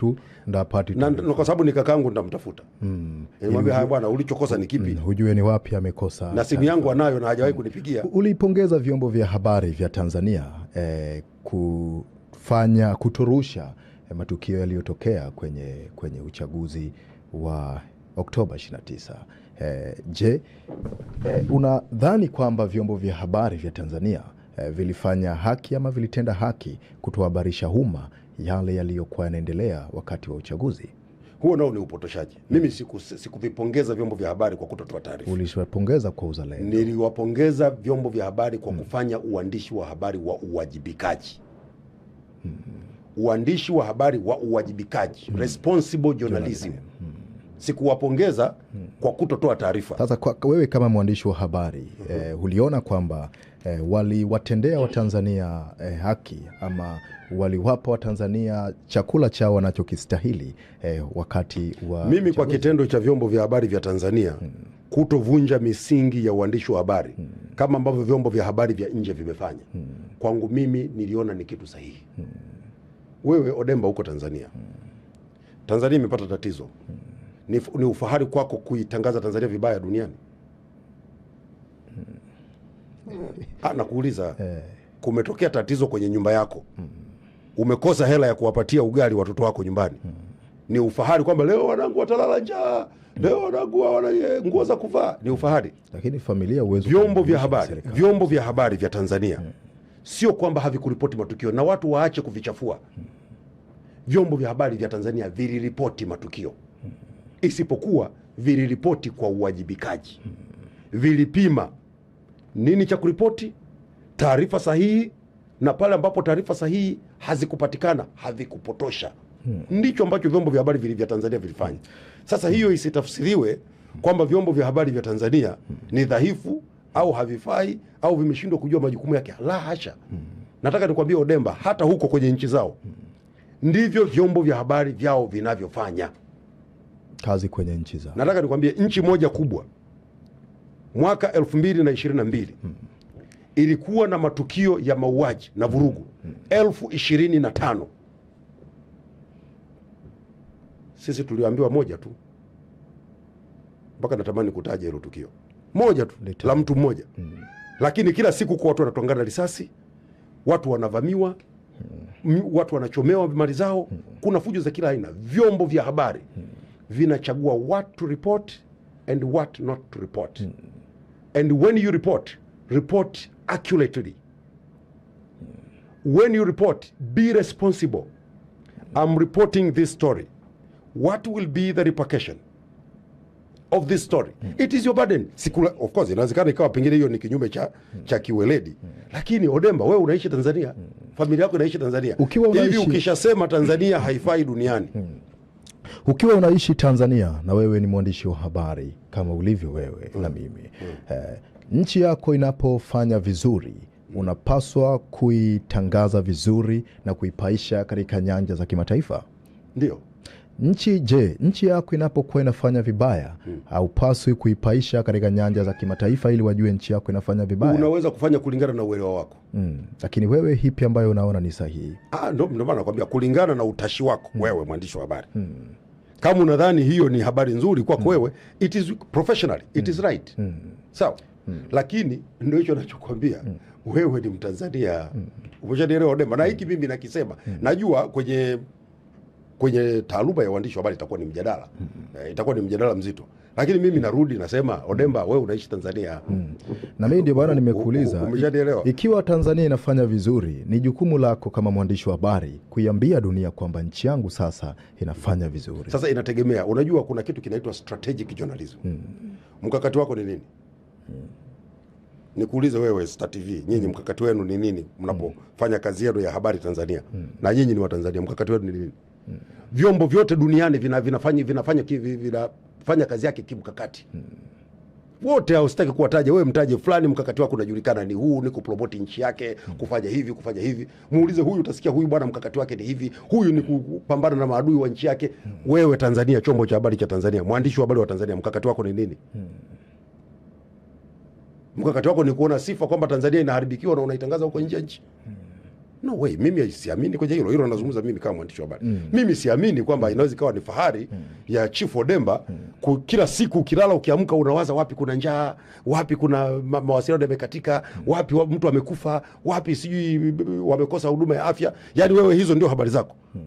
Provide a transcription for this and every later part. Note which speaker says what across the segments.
Speaker 1: tu ndapatikwa
Speaker 2: sababu ni kakangu mm. e, haya bwana, ulichokosa ni kipi? Mm,
Speaker 1: hujue ni wapi amekosa,
Speaker 2: na simu yangu anayo na hajawahi kunipigia.
Speaker 1: Uliipongeza vyombo vya habari vya Tanzania eh, kufanya kutorusha eh, matukio yaliyotokea kwenye, kwenye uchaguzi wa Oktoba 29. Eh, je, eh, unadhani kwamba vyombo vya habari vya Tanzania eh, vilifanya haki ama vilitenda haki kutuhabarisha umma yale yaliyokuwa yanaendelea wakati wa uchaguzi.
Speaker 2: Huo nao ni upotoshaji. Mimi sikuvipongeza siku vyombo vya habari kwa kutotoa taarifa.
Speaker 1: Uliwapongeza kwa uzalendo.
Speaker 2: Niliwapongeza vyombo vya habari kwa hmm, kufanya uandishi wa habari wa uwajibikaji hmm, uandishi wa habari wa uwajibikaji hmm, responsible journalism hmm. Sikuwapongeza hmm, kwa kutotoa taarifa.
Speaker 1: Sasa kwa wewe kama mwandishi wa habari hmm, eh, uliona kwamba e, waliwatendea Watanzania e, haki ama waliwapa Watanzania chakula chao wanachokistahili e, wakati wa
Speaker 2: mimi chaguzi. Kwa kitendo cha vyombo vya habari vya Tanzania hmm. kutovunja misingi ya uandishi wa habari hmm. kama ambavyo vyombo vya habari vya nje vimefanya hmm. kwangu mimi niliona ni kitu sahihi hmm. Wewe Odemba huko Tanzania hmm. Tanzania imepata tatizo hmm. Ni, ni ufahari kwako kuitangaza Tanzania vibaya duniani? Ah, nakuuliza Kumetokea tatizo kwenye nyumba yako Umekosa hela ya kuwapatia ugali watoto wako nyumbani Ni ufahari kwamba leo wanangu watalala njaa Leo wanangu wana nguo za kuvaa, ni ufahari.
Speaker 1: Lakini familia uwezo,
Speaker 2: vyombo vya habari, vyombo vya habari vya Tanzania Sio kwamba havikuripoti matukio na watu waache kuvichafua Vyombo vya habari vya Tanzania viliripoti matukio Isipokuwa viliripoti kwa uwajibikaji Vilipima nini cha kuripoti, taarifa sahihi, na pale ambapo taarifa sahihi hazikupatikana havikupotosha. Hmm. Ndicho ambacho vyombo vya habari vya Tanzania vilifanya. Sasa hiyo isitafsiriwe kwamba vyombo vya habari vya Tanzania hmm. ni dhaifu au havifai au vimeshindwa kujua majukumu yake. La hasha. Hmm. Nataka nikwambie Odemba, hata huko kwenye nchi zao hmm. ndivyo vyombo vya habari vyao vinavyofanya
Speaker 1: kazi kwenye nchi zao.
Speaker 2: Nataka nikwambie nchi moja kubwa mwaka 2022 ilikuwa na matukio ya mauaji na vurugu elfu ishirini na tano. Sisi tulioambiwa moja tu, mpaka natamani kutaja hilo tukio moja tu Leta. la mtu mmoja hmm. Lakini kila siku kwa watu wanatongana risasi, watu wanavamiwa hmm. watu wanachomewa mali zao hmm. Kuna fujo za kila aina. Vyombo vya habari hmm. vinachagua what to report and what not to report hmm. And when you report, report accurately. When you report, be responsible. I'm reporting this story. What will be the repercussion of this story? It is your burden. Sikula, of course, inawezekana ikawa pengine hiyo ni kinyume cha, cha kiweledi, lakini Odemba, wewe unaishi Tanzania, familia yako inaishi Tanzania. Yaani Hivi ukishasema Tanzania haifai duniani
Speaker 1: ukiwa unaishi Tanzania na wewe ni mwandishi wa habari kama ulivyo wewe mm. na mimi mm. eh, nchi yako inapofanya vizuri unapaswa kuitangaza vizuri na kuipaisha katika nyanja za kimataifa. Ndio nchi. Je, nchi yako inapokuwa inafanya vibaya hmm. haupaswi kuipaisha katika nyanja za kimataifa ili wajue nchi yako inafanya vibaya?
Speaker 2: Unaweza kufanya kulingana na uelewa wako
Speaker 1: hmm. Lakini wewe hipi ambayo unaona ni sahihi?
Speaker 2: Ah, Ndio maana nakwambia kulingana na utashi wako hmm. wewe mwandishi wa habari hmm. Kama unadhani hiyo ni habari nzuri kwako hmm. wewe, it is professional, it is hmm. right, hmm. sawa. Lakini ndio hicho nachokwambia wewe ni Mtanzania, umeshanielewa Odema? Na hiki mimi nakisema, najua kwenye kwenye taaluma ya uandishi wa habari itakuwa ni mjadala, eh, itakuwa ni mjadala mzito. Lakini mimi narudi nasema, Odemba, wewe unaishi Tanzania mm.
Speaker 1: Na mimi ndio bwana nimekuuliza, ikiwa Tanzania inafanya vizuri, ni jukumu lako kama mwandishi wa habari kuiambia dunia kwamba nchi yangu sasa inafanya vizuri.
Speaker 2: Sasa inategemea, unajua kuna kitu kinaitwa strategic journalism mm. Mkakati wako ni nini? mm. Nikuulize wewe Star TV, nyinyi hmm. mkakati wenu ni nini mnapofanya hmm. kazi yenu ya habari Tanzania? mm. Na nyinyi ni Watanzania, mkakati wenu ni nini? mm. Vyombo vyote duniani vinafanya vina, vina, vina, vina, vina, vina, vina, fanya kazi yake kimkakati hmm. Wote hao sitaki kuwataja, wewe mtaje fulani, mkakati wako unajulikana, ni huu, ni kupromoti nchi yake, kufanya hivi, kufanya hivi. Muulize huyu, utasikia huyu bwana mkakati wake ni hivi, huyu ni kupambana na maadui wa nchi yake. Wewe Tanzania, chombo cha habari cha Tanzania, mwandishi wa habari wa Tanzania, mkakati wako ni nini? Mkakati wako ni kuona sifa kwamba Tanzania inaharibikiwa na unaitangaza huko nje ya nchi? No way, mimi siamini kwenye hilo hilo, nazungumza mimi kama mwandishi wa habari mm. Mimi siamini kwamba mm. inaweza ikawa ni fahari mm. ya Chief Odemba mm. kila siku ukilala ukiamka unawaza wapi kuna njaa, wapi kuna ma mawasiliano yamekatika mm. wapi mtu amekufa, wapi sijui wamekosa huduma ya afya, yani wewe hizo ndio habari zako mm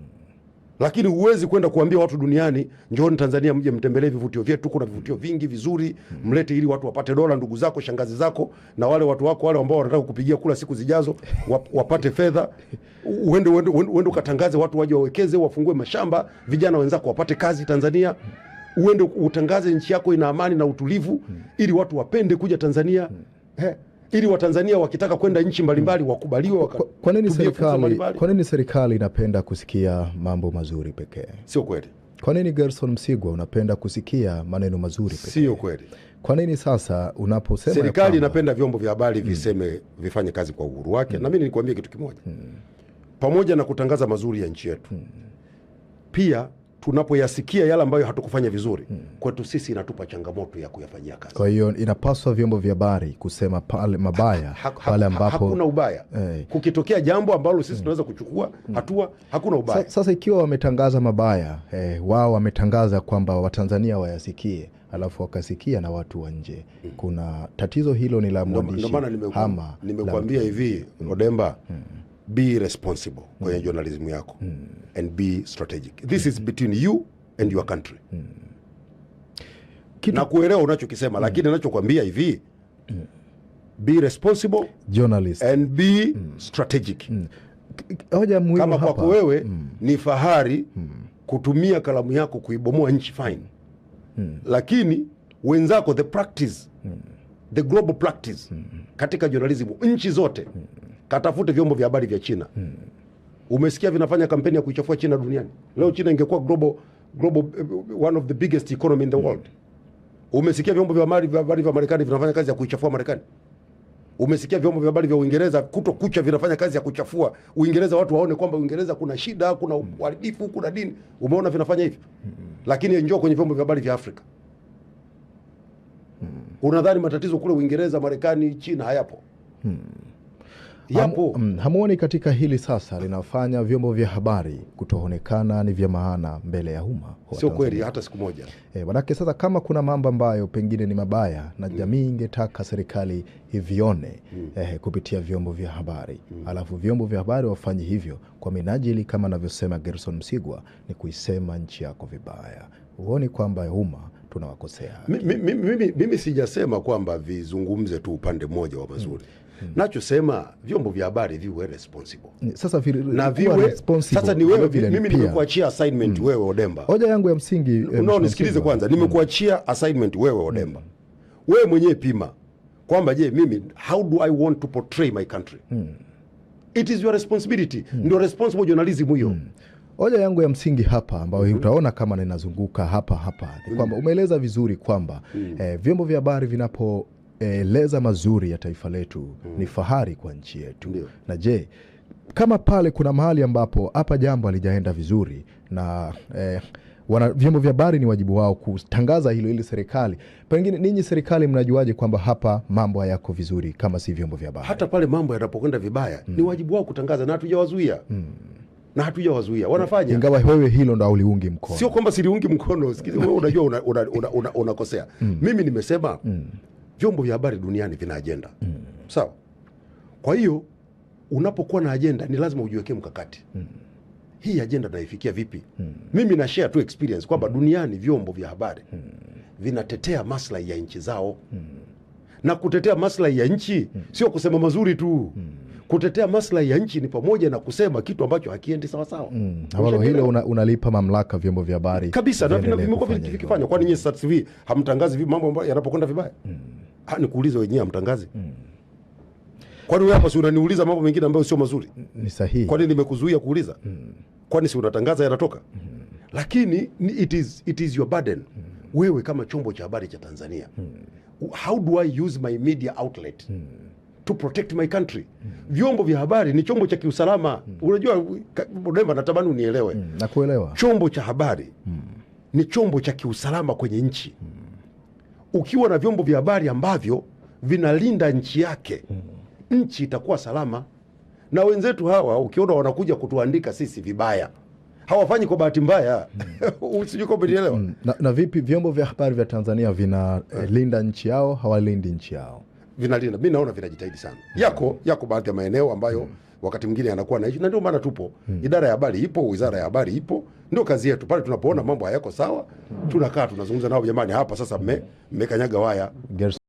Speaker 2: lakini huwezi kwenda kuambia watu duniani, njooni Tanzania mje mtembelee vivutio vyetu, kuna vivutio vingi vizuri, mlete ili watu wapate dola, ndugu zako, shangazi zako, na wale watu wako wale ambao wanataka kupigia kula siku zijazo wapate fedha, uende uende ukatangaze, watu waje wawekeze, wafungue mashamba, vijana wenzako wapate kazi Tanzania uende utangaze nchi yako ina amani na utulivu, ili watu wapende kuja Tanzania. He ili Watanzania wakitaka kwenda nchi mbalimbali mm. wakubaliwe
Speaker 1: Kwa nini serikali, kwa nini serikali inapenda kusikia mambo mazuri pekee? Sio kweli. Kwa nini Gerson Msigwa unapenda kusikia maneno mazuri pekee? Sio kweli. Kwa nini sasa unaposema
Speaker 2: serikali inapenda vyombo vya habari mm. viseme vifanye kazi kwa uhuru wake mm. na mimi nikuambie kitu kimoja mm. pamoja na kutangaza mazuri ya nchi yetu mm. pia tunapoyasikia yale ambayo hatukufanya vizuri hmm, kwetu sisi inatupa changamoto ya kuyafanyia kazi.
Speaker 1: Kwa hiyo inapaswa vyombo vya habari kusema pale mabaya ha, ha, ha, pale ambapo
Speaker 2: hakuna ubaya hey, eh. kukitokea jambo ambalo sisi mm. tunaweza hmm, kuchukua mm. hatua hakuna ubaya. sasa,
Speaker 1: sasa ikiwa wametangaza mabaya eh, wao wametangaza kwamba Watanzania wayasikie alafu wakasikia na watu wa nje hmm, kuna tatizo hilo ni la mwandishi.
Speaker 2: Ndio maana nimekuambia hivi mm. Odemba hmm be responsible mm. kwenye journalism yako mm. and be strategic this mm. is hmm. between you and your country mm. na kuelewa unachokisema mm. lakini nachokwambia hivi mm. be responsible journalist and be mm. strategic mm. muhimu kama kwako wewe mm. ni fahari mm. kutumia kalamu yako kuibomoa nchi fine mm. lakini wenzako the practice mm. the global practice mm. katika journalism nchi zote mm katafute vyombo vya habari vya China hmm. Umesikia vinafanya kampeni ya kuichafua China duniani leo. China ingekuwa global, global, eh, one of the biggest economy in the world. Umesikia vyombo vya habari vya habari vya Marekani vinafanya kazi ya kuichafua Marekani. Umesikia vyombo vya habari vya Uingereza kuto kucha vinafanya kazi ya kuchafua Uingereza, watu waone kwamba Uingereza kuna shida, kuna uharibifu, kuna dini. Umeona vinafanya hivyo, Mm. lakini njoo kwenye vyombo vya habari vya Afrika. Mm. Unadhani matatizo kule Uingereza, Marekani, China hayapo? Mm
Speaker 1: yapo. Mm, hamuoni katika hili sasa linafanya vyombo vya habari kutoonekana ni vya maana mbele ya umma?
Speaker 2: Sio kweli hata siku moja.
Speaker 1: E, manake sasa kama kuna mambo ambayo pengine ni mabaya na mm. jamii ingetaka serikali ivione mm. eh, kupitia vyombo vya habari mm. alafu vyombo vya habari wafanye hivyo kwa minajili kama anavyosema Gerson Msigwa ni kuisema nchi yako vibaya. Huoni kwamba umma tunawakosea?
Speaker 2: Mimi, mimi, mimi, mimi sijasema kwamba vizungumze tu upande mmoja wa mazuri mm. Hmm. Nachosema vyombo vya habari viwe responsible.
Speaker 1: Sasa vi, na viwe responsible.
Speaker 2: Sasa ni wewe vile mimi nimekuachia assignment hmm. Wewe Odemba.
Speaker 1: Hoja yangu ya msingi eh,
Speaker 2: no, nisikilize kwanza. Hmm. Nimekuachia assignment wewe hmm. Odemba. Hmm. Wewe mwenyewe pima kwamba je, mimi how do I want to portray my country? Hmm. It is your responsibility. Hmm. Ndio responsible journalism hiyo. Hmm.
Speaker 1: Hoja yangu ya msingi hapa ambayo mm. utaona kama ninazunguka hapa hapa ni hmm. kwamba umeeleza vizuri kwamba mm. eh, vyombo vya habari vinapo eleza mazuri ya taifa letu mm. Ni fahari kwa nchi yetu Ndiyo. Na je, kama pale kuna mahali ambapo hapa jambo halijaenda vizuri na eh, wana vyombo vya habari ni wajibu wao kutangaza hilo ili serikali pengine. Ninyi serikali mnajuaje kwamba hapa mambo hayako vizuri kama si vyombo vya habari?
Speaker 2: Hata pale mambo yanapokwenda vibaya mm. ni wajibu wao kutangaza, na hatujawazuia mm. na hatujawazuia, wanafanya.
Speaker 1: Ingawa wewe hilo ndo uliungi mkono,
Speaker 2: sio kwamba siliungi mkono. Unajua unakosea una, una, una, una mm. mimi nimesema mm vyombo vya habari duniani vina ajenda mm. Sawa. Kwa hiyo unapokuwa na ajenda ni lazima ujiwekee mkakati mm. Hii ajenda naifikia vipi? mm. Mimi na share tu experience kwamba mm. duniani vyombo vya habari mm. vinatetea maslahi ya nchi zao mm. na kutetea maslahi ya nchi mm. sio kusema mazuri tu mm kutetea maslahi ya nchi ni pamoja na kusema kitu ambacho hakiendi sawasawa.
Speaker 1: Mm. Hilo una, mamlaka vyombo vya habari
Speaker 2: kabisa, vimekuwa vikifanya. Kwani nyinyi sasa hivi hamtangazi mambo ambayo yanapokwenda vibaya? Mm. Ah, nikuulize wenyewe, hamtangazi? Mm. Kwani wewe hapa si unaniuliza mambo mengine ambayo sio mazuri? Ni sahihi. Kwani nimekuzuia kuuliza? Mm. Kwani si unatangaza yanatoka? Mm. Lakini it is, it is your burden. Mm. Wewe kama chombo cha habari cha Tanzania. Mm. How do I use my media outlet? Mm to protect my country. Mm. Vyombo vya habari ni chombo cha kiusalama. Mm. Unajua Demba, natamani unielewe. Mm. kuelewa Chombo cha habari mm. ni chombo cha kiusalama kwenye nchi. Mm. Ukiwa na vyombo vya habari ambavyo vinalinda nchi yake mm. nchi itakuwa salama. Na wenzetu hawa ukiona wanakuja kutuandika sisi vibaya hawafanyi kwa bahati mbaya mm.
Speaker 1: Mm. Na, na vipi vyombo vya habari vya Tanzania vinalinda eh, nchi yao hawalindi nchi yao?
Speaker 2: vinalinda, mi naona vinajitahidi sana. Hmm. Yako yako baadhi ya maeneo ambayo hmm. wakati mwingine anakuwa naishi, na ndio maana tupo, hmm. idara ya habari ipo, wizara ya habari ipo, ndio kazi yetu. Pale tunapoona mambo hayako sawa, tunakaa tunazungumza nao, jamani, hapa sasa mmekanyaga waya.